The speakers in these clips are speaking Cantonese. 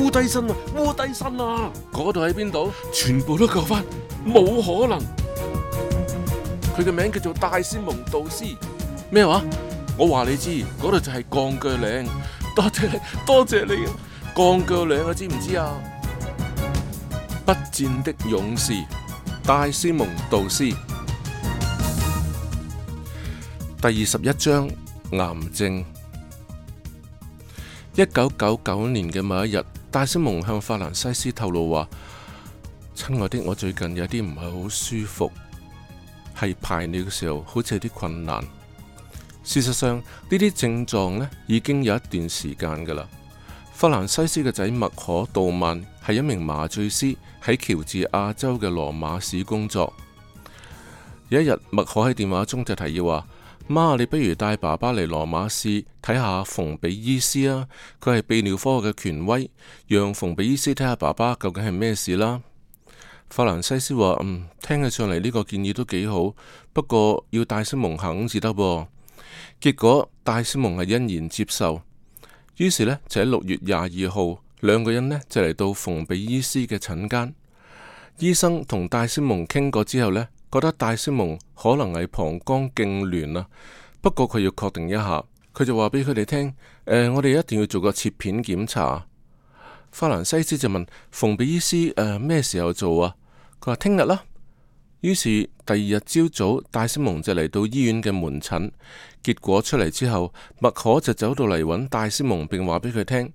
.烏低身啊！烏低身啊！嗰度喺邊度？全部都救翻，冇可能。佢嘅名叫做戴斯蒙杜斯。咩話？我話你知嗰度就係鋼鋸嶺。多謝你，多謝你。鋼鋸嶺啊，知唔知啊？不戰的勇士，戴斯蒙杜斯。第二十一章癌症。一九九九年嘅某一日。戴斯蒙向法蘭西斯透露話：親愛的，我最近有啲唔係好舒服，係排尿嘅時候好似有啲困難。事實上，這些狀呢啲症狀已經有一段時間㗎喇。法蘭西斯嘅仔麥可杜曼係一名麻醉師，喺喬治亞州嘅羅馬市工作。有一日，麥可喺電話中就提議話。媽，你不如帶爸爸嚟羅馬市睇下馮比醫師啊，佢係泌尿科嘅權威，讓馮比醫師睇下爸爸究竟係咩事啦。法蘭西斯話：嗯，聽起上嚟呢個建議都幾好，不過要戴斯蒙肯至得。結果戴斯蒙係欣然接受，於是呢，就喺六月廿二號，兩個人呢就嚟到馮比醫師嘅診間，醫生同戴斯蒙傾過之後呢。覺得戴斯蒙可能係膀胱痙攣啦，不過佢要確定一下，佢就話俾佢哋聽：呃、我哋一定要做個切片檢查。法蘭西斯就問馮比醫師：呃、咩時候做啊？佢話聽日啦、啊。於是第二日朝早，戴斯蒙就嚟到醫院嘅門診，結果出嚟之後，麥可就走到嚟揾戴斯蒙，並話俾佢聽：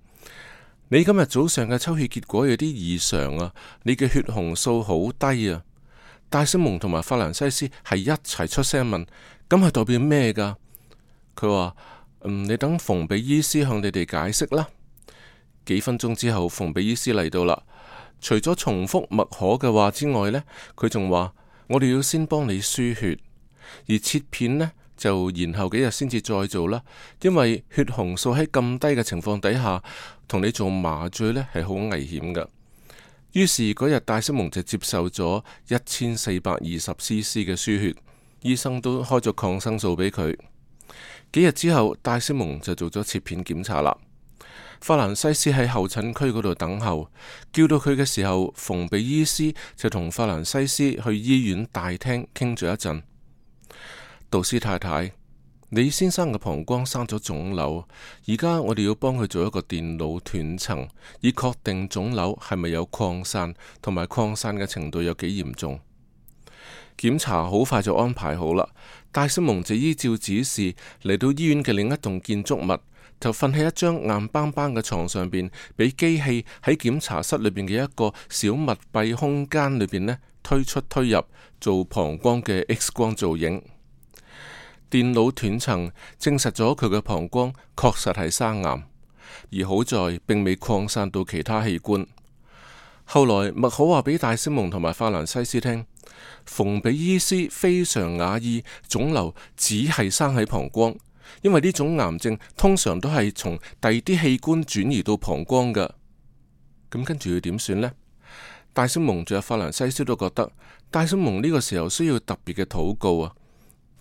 你今日早上嘅抽血結果有啲異常啊，你嘅血紅素好低啊。戴斯蒙同埋法蘭西斯係一齊出聲問，咁係代表咩噶？佢話：嗯，你等馮比醫師向你哋解釋啦。幾分鐘之後，馮比醫師嚟到啦。除咗重複麥可嘅話之外呢，佢仲話：我哋要先幫你輸血，而切片呢，就然後幾日先至再做啦。因為血紅素喺咁低嘅情況底下，同你做麻醉呢係好危險噶。於是嗰日，戴斯蒙就接受咗一千四百二十 CC 嘅輸血，醫生都開咗抗生素俾佢。幾日之後，戴斯蒙就做咗切片檢查啦。法蘭西斯喺候診區嗰度等候，叫到佢嘅時候，縫鼻醫師就同法蘭西斯去醫院大廳傾咗一陣。杜斯太太。李先生嘅膀胱生咗腫瘤，而家我哋要幫佢做一個電腦斷層，以確定腫瘤係咪有擴散，同埋擴散嘅程度有幾嚴重。檢查好快就安排好啦。戴斯蒙就依照指示嚟到醫院嘅另一棟建築物，就瞓喺一張硬邦邦嘅床上邊，俾機器喺檢查室裏邊嘅一個小密閉空間裏邊呢推出推入做膀胱嘅 X 光造影。電腦斷層證實咗佢嘅膀胱確實係生癌，而好在並未擴散到其他器官。後來麥可話俾戴斯蒙同埋法蘭西斯聽，馮比醫師非常訝異，腫瘤只係生喺膀胱，因為呢種癌症通常都係從第二啲器官轉移到膀胱㗎。咁跟住要點算呢？戴斯蒙仲有法蘭西斯都覺得戴斯蒙呢個時候需要特別嘅禱告啊！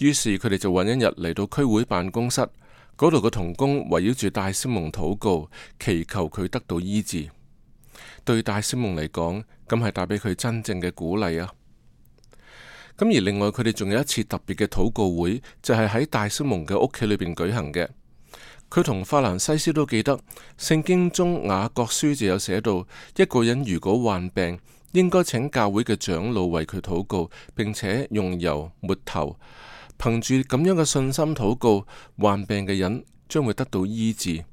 於是佢哋就揾一日嚟到區會辦公室嗰度嘅同工，圍繞住戴斯蒙禱告，祈求佢得到醫治。對戴斯蒙嚟講，咁係帶俾佢真正嘅鼓勵啊！咁而另外佢哋仲有一次特別嘅禱告會，就係、是、喺戴斯蒙嘅屋企裏邊舉行嘅。佢同法蘭西斯都記得，聖經中雅各書就有寫到，一個人如果患病，應該請教會嘅長老為佢禱告，並且用油抹頭。憑住咁樣嘅信心禱告，患病嘅人將會得到醫治。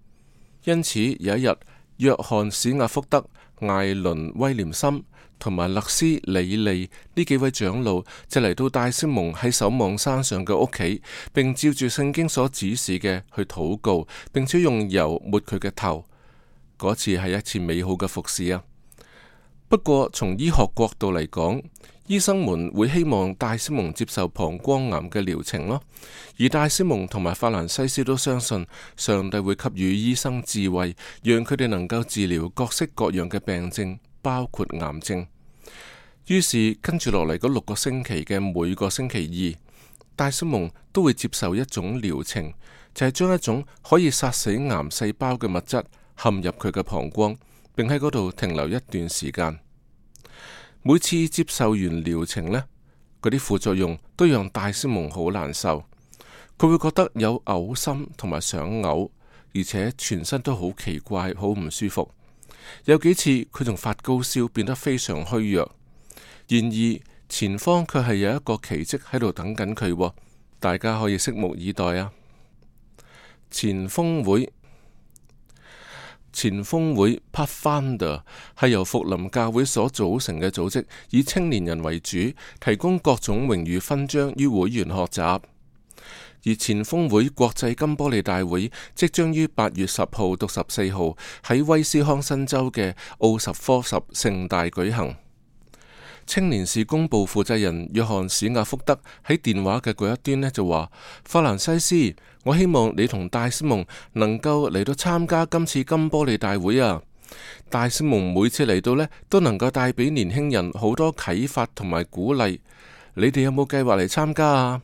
因此有一日，約翰、史亞福德、艾倫、威廉森同埋勒斯里、李利呢幾位長老就嚟到戴斯蒙喺守望山上嘅屋企，並照住聖經所指示嘅去禱告，並且用油抹佢嘅頭。嗰次係一次美好嘅服侍啊！不過從醫學角度嚟講，醫生們會希望戴斯蒙接受膀胱癌嘅療程咯，而戴斯蒙同埋法蘭西斯都相信上帝會給予醫生智慧，讓佢哋能夠治療各式各樣嘅病症，包括癌症。於是跟住落嚟嗰六個星期嘅每個星期二，戴斯蒙都會接受一種療程，就係、是、將一種可以殺死癌細胞嘅物質陷入佢嘅膀胱，並喺嗰度停留一段時間。每次接受完療程呢，嗰啲副作用都讓戴斯蒙好難受，佢會覺得有嘔心同埋想嘔，而且全身都好奇怪，好唔舒服。有幾次佢仲發高燒，變得非常虛弱。然而前方卻係有一個奇蹟喺度等緊佢，大家可以拭目以待啊！前鋒會。前鋒會 Pathfinder 係由福林教會所組成嘅組織，以青年人為主，提供各種榮譽勛章於會員學習。而前鋒會國際金玻璃大會即將於八月十號到十四號喺威斯康辛州嘅奧什科什盛大舉行。青年事工部負責人約翰史亞福德喺電話嘅嗰一端呢就話：法蘭西斯，我希望你同戴斯蒙能夠嚟到參加今次金玻璃大會啊！戴斯蒙每次嚟到呢都能夠帶俾年輕人好多啟發同埋鼓勵。你哋有冇計劃嚟參加啊？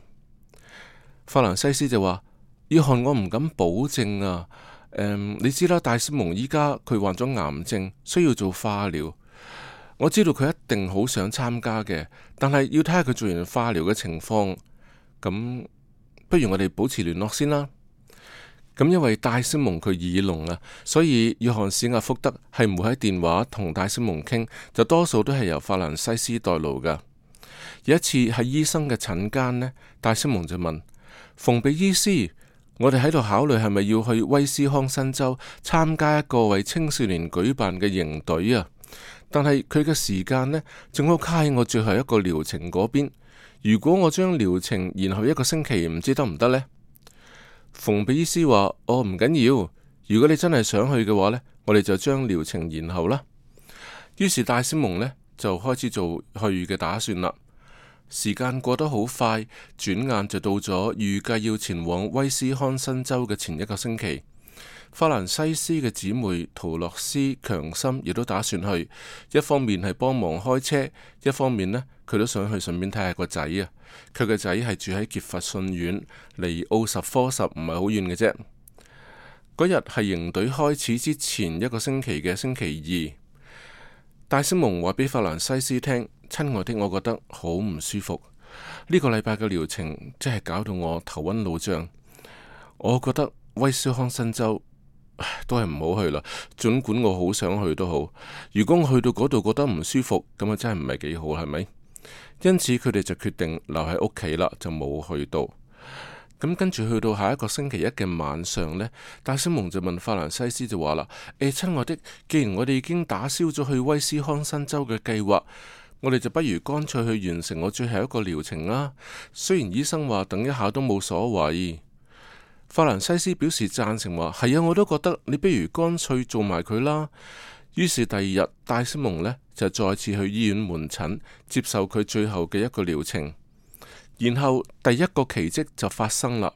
法蘭西斯就話：約翰，我唔敢保證啊。誒、嗯，你知啦，戴斯蒙依家佢患咗癌症，需要做化療。我知道佢一定好想參加嘅，但係要睇下佢做完化療嘅情況。咁不如我哋保持聯絡先啦。咁因為戴斯蒙佢耳聾啊，所以約翰史亞福德係唔會喺電話同戴斯蒙傾，就多數都係由法蘭西斯代勞噶。有一次喺醫生嘅診間呢戴斯蒙就問馮比醫師：我哋喺度考慮係咪要去威斯康辛州參加一個為青少年舉辦嘅營隊啊？但係佢嘅時間呢，仲要卡喺我最後一個療程嗰邊。如果我將療程延後一個星期，唔知得唔得呢？馮比醫師話：哦，唔緊要，如果你真係想去嘅話呢，我哋就將療程延後啦。於是戴斯蒙呢，就開始做去嘅打算啦。時間過得好快，轉眼就到咗預計要前往威斯康辛州嘅前一個星期。法蘭西斯嘅姊妹陶洛斯強心亦都打算去，一方面係幫忙開車，一方面呢，佢都想去順便睇下個仔啊。佢個仔係住喺傑佛遜縣，離奧什科什唔係好遠嘅啫。嗰日係營隊開始之前一個星期嘅星期二，戴斯蒙話俾法蘭西斯聽：親愛的，我覺得好唔舒服。呢個禮拜嘅療程即係搞到我頭昏腦脹。我覺得威斯康辛州。都係唔好去啦，儘管我好想去都好。如果我去到嗰度覺得唔舒服，咁啊真係唔係幾好，係咪？因此佢哋就決定留喺屋企啦，就冇去到。咁跟住去到下一個星期一嘅晚上呢，戴斯蒙就問法蘭西斯就話啦：誒、欸，親愛的，既然我哋已經打消咗去威斯康辛州嘅計劃，我哋就不如乾脆去完成我最後一個療程啦。雖然醫生話等一下都冇所謂。法蘭西斯表示贊成，話，係啊，我都覺得你不如乾脆做埋佢啦。於是第二日，戴斯蒙呢就再次去醫院門診接受佢最後嘅一個療程。然後第一個奇迹就發生啦。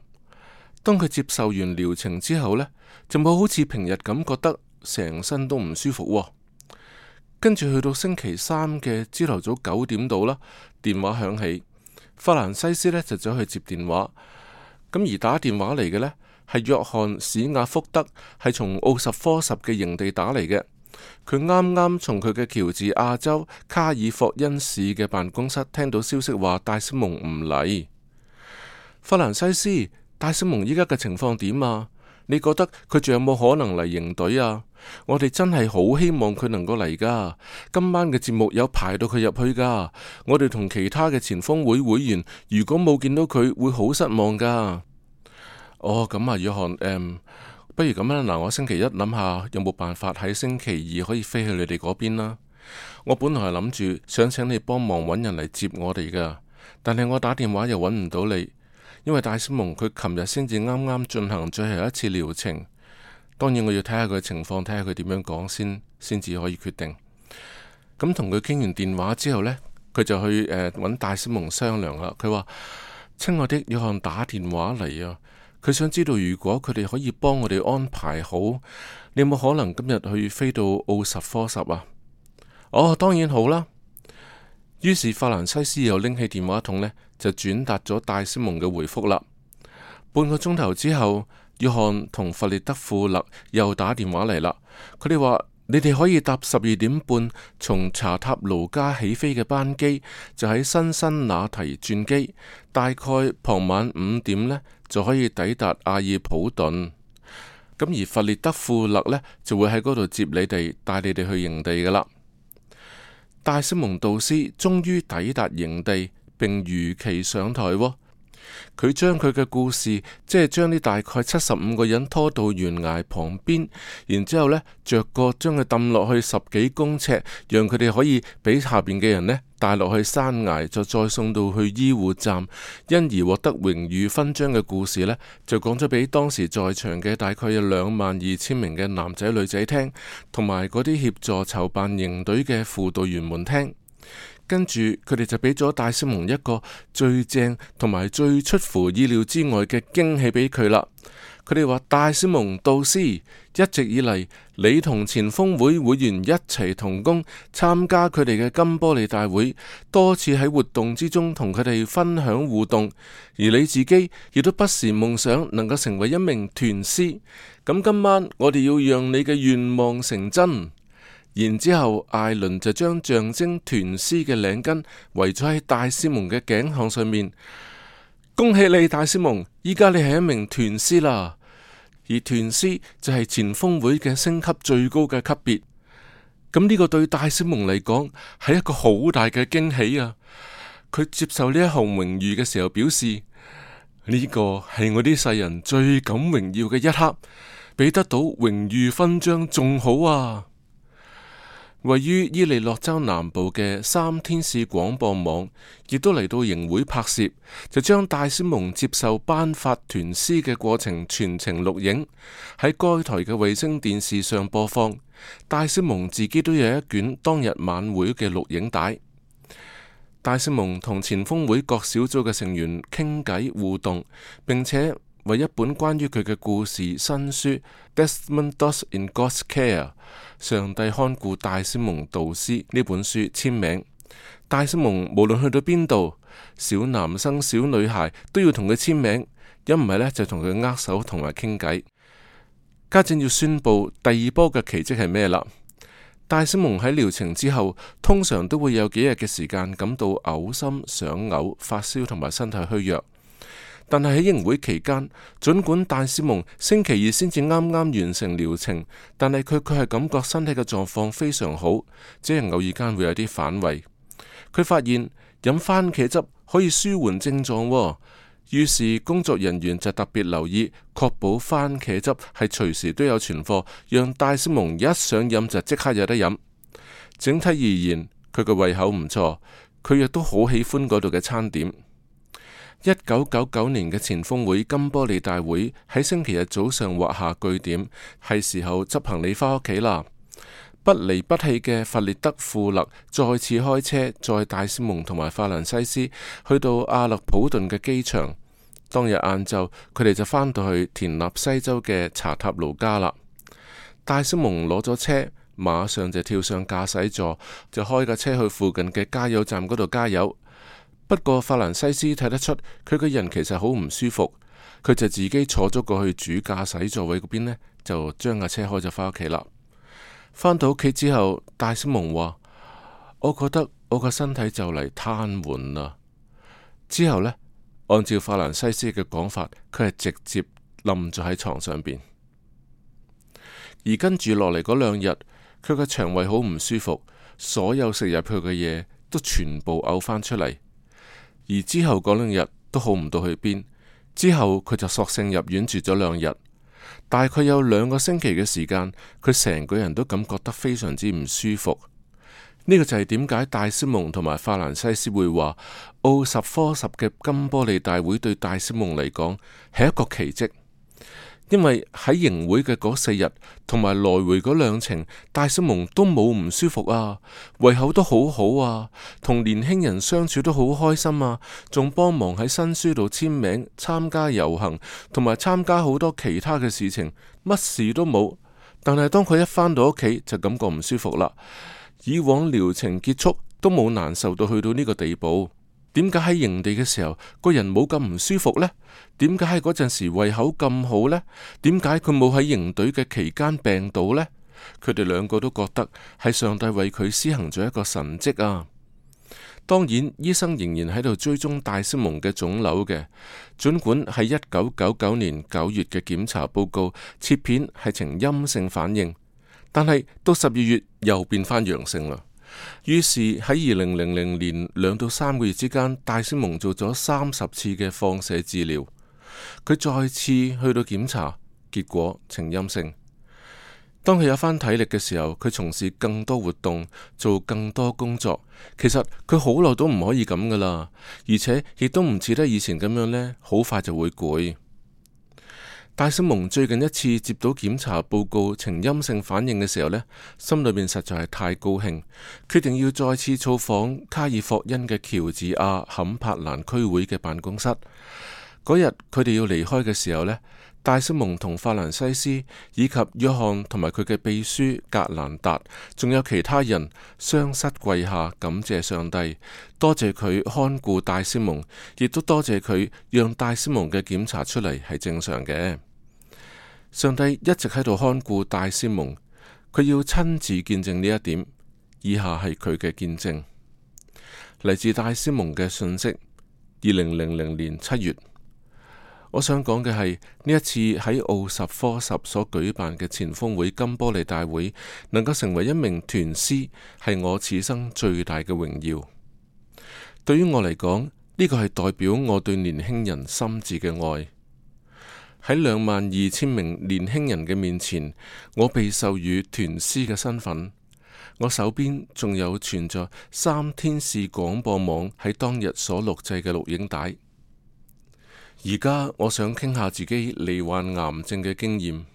當佢接受完療程之後呢，就冇好似平日咁覺得成身都唔舒服喎。跟住去到星期三嘅朝頭早九點度啦，電話響起，法蘭西斯呢就走去接電話。咁而打電話嚟嘅呢，係約翰史亞福德，係從奧什科什嘅營地打嚟嘅。佢啱啱從佢嘅喬治亞州卡爾霍恩市嘅辦公室聽到消息，話戴斯蒙唔嚟。法蘭西斯，戴斯蒙依家嘅情況點啊？你覺得佢仲有冇可能嚟迎隊啊？我哋真係好希望佢能夠嚟噶。今晚嘅節目有排到佢入去噶。我哋同其他嘅前鋒會會員，如果冇見到佢，會好失望噶。哦，咁、嗯、啊，約翰，嗯、不如咁啦，嗱，我星期一諗下有冇辦法喺星期二可以飛去你哋嗰邊啦。我本來係諗住想請你幫忙揾人嚟接我哋噶，但係我打電話又揾唔到你。因為戴斯蒙佢琴日先至啱啱進行最後一次療程，當然我要睇下佢情況，睇下佢點樣講先，先至可以決定。咁同佢傾完電話之後呢，佢就去誒揾戴斯蒙商量啦。佢話：親愛的約翰打電話嚟啊，佢想知道如果佢哋可以幫我哋安排好，你有冇可能今日去飛到奧什科什啊？哦，當然好啦。於是法蘭西斯又拎起電話筒呢，就轉達咗戴斯蒙嘅回覆啦。半個鐘頭之後，約翰同弗列德富勒又打電話嚟啦。佢哋話：你哋可以搭十二點半從查塔努加起飛嘅班機，就喺新新那提轉機，大概傍晚五點呢就可以抵達阿爾普頓。咁而弗列德富勒呢，就會喺嗰度接你哋，帶你哋去營地噶啦。戴斯蒙杜斯終於抵達營地，並如期上台喎。佢將佢嘅故事，即係將呢大概七十五個人拖到懸崖旁邊，然之後呢，着個將佢抌落去十幾公尺，讓佢哋可以俾下邊嘅人呢帶落去山崖，就再送到去醫護站，因而獲得榮譽勳章嘅故事呢，就講咗俾當時在場嘅大概有兩萬二千名嘅男仔女仔聽，同埋嗰啲協助籌辦營隊嘅輔導員們聽。跟住佢哋就俾咗戴斯蒙一個最正同埋最出乎意料之外嘅驚喜俾佢啦。佢哋話：戴斯蒙導師，一直以嚟你同前鋒會會員一齊同工，參加佢哋嘅金玻璃大會，多次喺活動之中同佢哋分享互動，而你自己亦都不時夢想能夠成為一名團師。咁今晚我哋要讓你嘅願望成真。然之後，艾倫就將象徵團師嘅領巾圍咗喺戴斯蒙嘅頸項上面。恭喜你，戴斯蒙！依家你係一名團師啦。而團師就係前鋒會嘅升級最高嘅級別。咁、這、呢個對戴斯蒙嚟講係一個好大嘅驚喜啊！佢接受呢一項榮譽嘅時候表示：呢、這個係我啲世人最感榮耀嘅一刻，比得到榮譽勳章仲好啊！位於伊利諾州南部嘅三天使廣播網亦都嚟到營會拍攝，就將戴斯蒙接受頒發團詩嘅過程全程錄影，喺該台嘅衛星電視上播放。戴斯蒙自己都有一卷當日晚會嘅錄影帶。戴斯蒙同前鋒會各小組嘅成員傾偈互動，並且為一本關於佢嘅故事新書《Desmond Doss in God’s Care》。上帝看顧戴斯蒙導師呢本書簽名。戴斯蒙無論去到邊度，小男生小女孩都要同佢簽名，有唔係呢就同佢握手同埋傾偈。家陣要宣布第二波嘅奇迹係咩啦。戴斯蒙喺療程之後，通常都會有幾日嘅時間感到嘔心、想嘔、發燒同埋身體虛弱。但係喺營會期間，盡管戴斯蒙星期二先至啱啱完成療程，但係佢佢係感覺身體嘅狀況非常好，只係偶爾間會有啲反胃。佢發現飲番茄汁可以舒緩症狀，哦，於是工作人員就特別留意，確保番茄汁係隨時都有存貨，讓戴斯蒙一想飲就即刻有得飲。整體而言，佢個胃口唔錯，佢亦都好喜歡嗰度嘅餐點。一九九九年嘅前鋒會金玻利大會喺星期日早上畫下句點，係時候執行李返屋企啦。不離不棄嘅弗列德富勒再次開車，載戴斯蒙同埋法蘭西斯去到阿勒普頓嘅機場。當日晏晝，佢哋就返到去田納西州嘅查塔努加啦。戴斯蒙攞咗車，馬上就跳上駕駛座，就開架車去附近嘅加油站嗰度加油。不過法蘭西斯睇得出佢個人其實好唔舒服，佢就自己坐咗過去主駕駛座位嗰邊呢就將架車開咗翻屋企啦。翻到屋企之後，戴斯蒙話：我覺得我個身體就嚟癱瘓啦。之後呢，按照法蘭西斯嘅講法，佢係直接冧咗喺床上邊。而跟住落嚟嗰兩日，佢個腸胃好唔舒服，所有食入去嘅嘢都全部嘔翻出嚟。而之後嗰兩日都好唔到去邊，之後佢就索性入院住咗兩日，大概有兩個星期嘅時間，佢成個人都感覺得非常之唔舒服。呢、這個就係點解戴斯蒙同埋法蘭西斯會話奧十科十嘅金玻璃大會對戴斯蒙嚟講係一個奇蹟。因為喺營會嘅嗰四日，同埋來回嗰兩程，戴斯蒙都冇唔舒服啊，胃口都好好啊，同年輕人相處都好開心啊，仲幫忙喺新書度簽名，參加遊行，同埋參加好多其他嘅事情，乜事都冇。但係當佢一返到屋企，就感覺唔舒服啦。以往療程結束都冇難受到去到呢個地步。點解喺營地嘅時候個人冇咁唔舒服呢？點解喺嗰陣時胃口咁好呢？點解佢冇喺營隊嘅期間病倒呢？佢哋兩個都覺得係上帝為佢施行咗一個神蹟啊！當然，醫生仍然喺度追蹤戴斯蒙嘅腫瘤嘅，盡管喺一九九九年九月嘅檢查報告切片係呈陰性反應，但係到十二月又變翻陽性啦。於是喺二零零零年兩到三個月之間，戴斯蒙做咗三十次嘅放射治療。佢再次去到檢查，結果呈陰性。當佢有返體力嘅時候，佢從事更多活動，做更多工作。其實佢好耐都唔可以咁噶啦，而且亦都唔似得以前咁樣呢，好快就會攰。戴斯蒙最近一次接到檢查報告呈陰性反應嘅時候呢，心裏面實在係太高興，決定要再次造訪卡爾霍恩嘅喬治亞坎柏蘭區會嘅辦公室。嗰日佢哋要離開嘅時候呢。戴斯蒙同法蘭西斯以及約翰同埋佢嘅秘書格蘭達，仲有其他人雙膝跪下，感謝上帝，多謝佢看顧戴斯蒙，亦都多謝佢讓戴斯蒙嘅檢查出嚟係正常嘅。上帝一直喺度看顧戴斯蒙，佢要親自見證呢一點。以下係佢嘅見證，嚟自戴斯蒙嘅信息，二零零零年七月。我想講嘅係，呢一次喺奧什科什所舉辦嘅前鋒會金玻璃大會，能夠成為一名團師，係我此生最大嘅榮耀。對於我嚟講，呢、這個係代表我對年輕人心智嘅愛。喺兩萬二千名年輕人嘅面前，我被授予團師嘅身份。我手邊仲有存着三天使廣播網喺當日所錄製嘅錄影帶。而家我想傾下自己罹患癌症嘅經驗。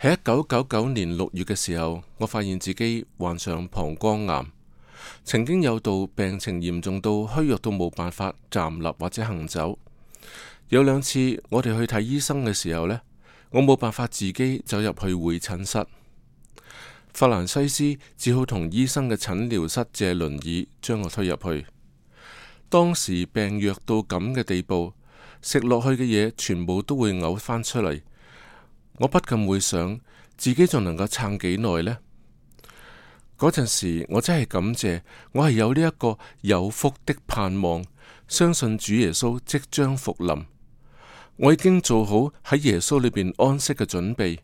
喺一九九九年六月嘅時候，我發現自己患上膀胱癌，曾經有度病情嚴重到虛弱到冇辦法站立或者行走。有兩次我哋去睇醫生嘅時候呢，我冇辦法自己走入去會診室，法蘭西斯只好同醫生嘅診療室借輪椅將我推入去。當時病弱到咁嘅地步。食落去嘅嘢，全部都會嘔返出嚟，我不禁會想自己仲能夠撐幾耐呢？嗰陣時我真係感謝，我係有呢一個有福的盼望，相信主耶穌即將復臨，我已經做好喺耶穌裏邊安息嘅準備，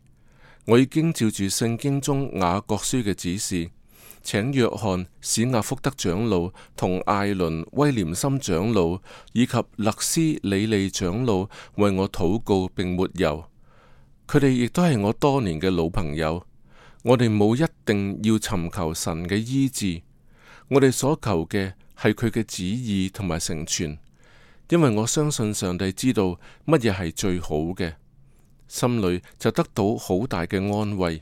我已經照住聖經中雅各書嘅指示。請約翰史亞福德長老、同艾倫威廉森長老以及勒斯李利長老為我禱告，並抹油。佢哋亦都係我多年嘅老朋友。我哋冇一定要尋求神嘅醫治，我哋所求嘅係佢嘅旨意同埋成全，因為我相信上帝知道乜嘢係最好嘅，心裏就得到好大嘅安慰。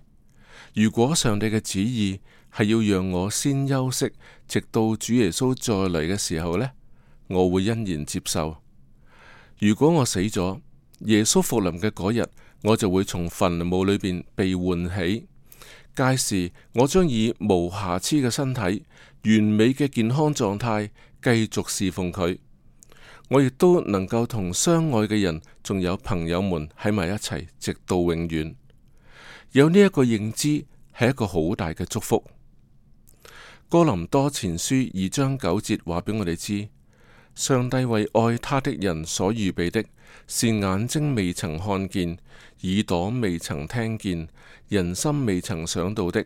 如果上帝嘅旨意，係要讓我先休息，直到主耶穌再嚟嘅時候呢，我會欣然接受。如果我死咗，耶穌復臨嘅嗰日，我就會從墳墓裏邊被喚起，屆時我將以無瑕疵嘅身體、完美嘅健康狀態繼續侍奉佢。我亦都能夠同相愛嘅人，仲有朋友們喺埋一齊，直到永遠。有呢一個認知係一個好大嘅祝福。哥林多前書二章九節話俾我哋知，上帝為愛他的人所預備的，是眼睛未曾看見，耳朵未曾聽見，人心未曾想到的。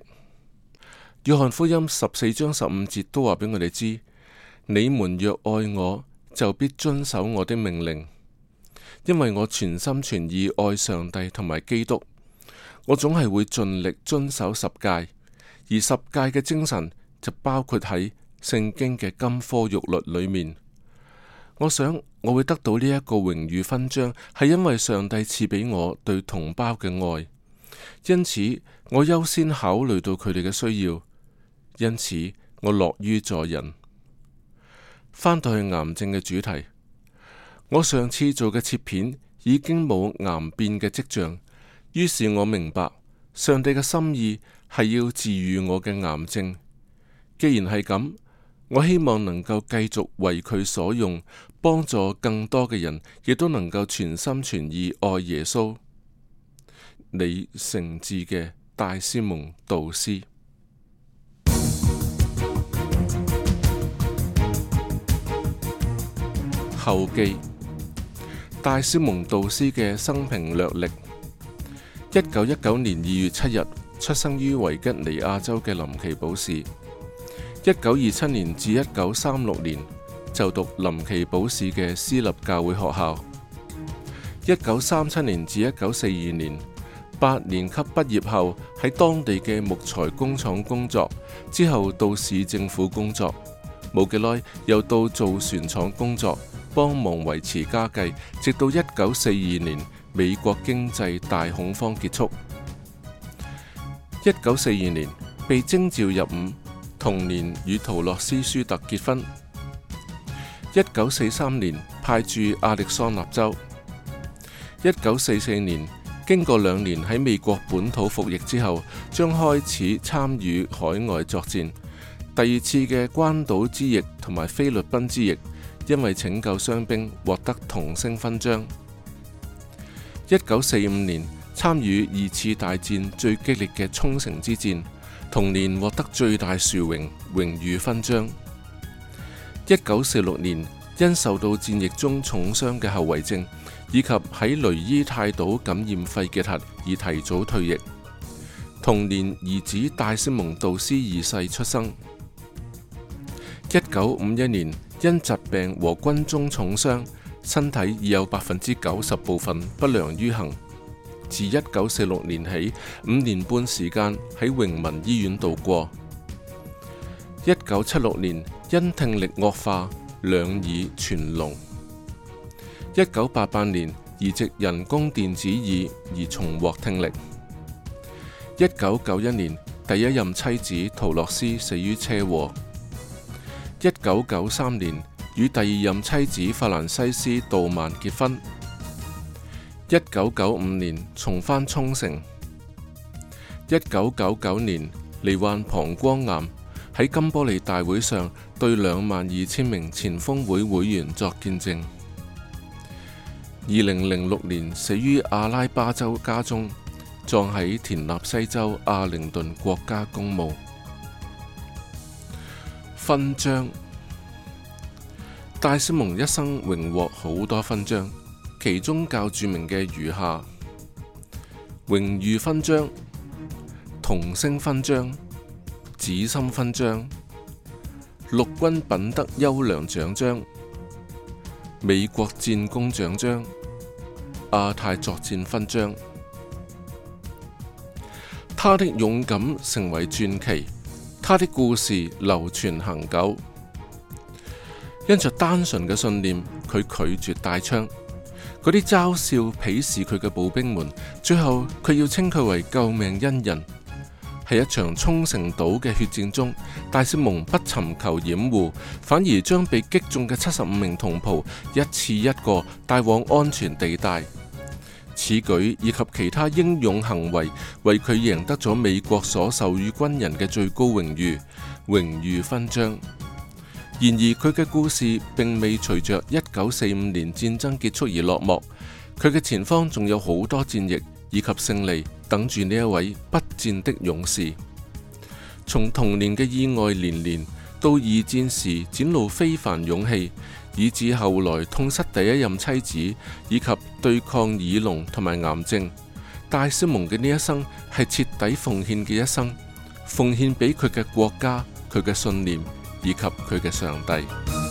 約翰福音十四章十五節都話俾我哋知，你們若愛我，就必遵守我的命令。因為我全心全意愛上帝同埋基督，我總係會盡力遵守十誡，而十誡嘅精神，就包括喺聖經嘅金科玉律裏面。我想我會得到呢一個榮譽勳章，係因為上帝賜俾我對同胞嘅愛，因此我優先考慮到佢哋嘅需要，因此我樂於助人。返到去癌症嘅主題，我上次做嘅切片已經冇癌變嘅跡象，於是我明白上帝嘅心意係要治癒我嘅癌症。既然係咁，我希望能夠繼續為佢所用，幫助更多嘅人，亦都能夠全心全意愛耶穌。你誠摯嘅戴斯蒙‧杜斯後記：戴斯蒙‧杜斯嘅生平略歷：一九一九年二月七日，出生於維吉尼亞州嘅林奇堡市。一九二七年至一九三六年就讀林奇堡市嘅私立教會學校。一九三七年至一九四二年，八年級畢業後喺當地嘅木材工廠工作，之後到市政府工作，冇幾耐又到造船廠工作，幫忙維持家計，直到一九四二年美國經濟大恐慌結束。一九四二年被徵召入伍。同年與圖洛斯舒特結婚。一九四三年派駐亞歷桑納州。一九四四年經過兩年喺美國本土服役之後，將開始參與海外作戰。第二次嘅關島之役同埋菲律賓之役，因為拯救傷兵，獲得銅星勳章。一九四五年參與二次大戰最激烈嘅沖繩之戰。同年獲得最大殊榮榮譽勳章。一九四六年因受到戰役中重傷嘅後遺症，以及喺雷伊泰島感染肺結核而提早退役。同年，兒子戴斯蒙·杜斯二世出生。一九五一年因疾病和軍中重傷，身體已有百分之九十部分不良於行。自一九四六年起，五年半時間喺榮民醫院度過。一九七六年因聽力惡化，兩耳全聾。一九八八年移植人工電子耳而重獲聽力。一九九一年第一任妻子陶洛斯死於車禍。一九九三年與第二任妻子法蘭西斯杜曼結婚。一九九五年重返沖繩，一九九九年罹患膀胱癌，喺金玻璃大會上對兩萬二千名前鋒會會員作見證。二零零六年死於阿拉巴州家中，葬喺田納西州阿靈頓國家公墓。勳章戴斯蒙一生榮獲好多勳章。其中較著名嘅如下：榮譽勳章、銅星勳章、紫心勳章、陸軍品德優良獎章、美國戰功獎章、亞太作戰勳章。他的勇敢成為傳奇，他的故事流傳恆久。因着單純嘅信念，佢拒絕帶槍。嗰啲嘲笑鄙視佢嘅步兵們，最後佢要稱佢為救命恩人。喺一場沖繩島嘅血戰中，戴斯蒙不尋求掩護，反而將被擊中嘅七十五名同袍一次一個帶往安全地帶。此舉以及其他英勇行為，為佢贏得咗美國所授予軍人嘅最高榮譽——榮譽勳章。然而佢嘅故事並未隨着一九四五年戰爭結束而落幕，佢嘅前方仲有好多戰役以及勝利等住呢一位不戰的勇士。從童年嘅意外連連到二戰時展露非凡勇氣，以至後來痛失第一任妻子，以及對抗耳聾同埋癌症，戴斯蒙嘅呢一生係徹底奉獻嘅一生，奉獻俾佢嘅國家，佢嘅信念。以及佢嘅上帝。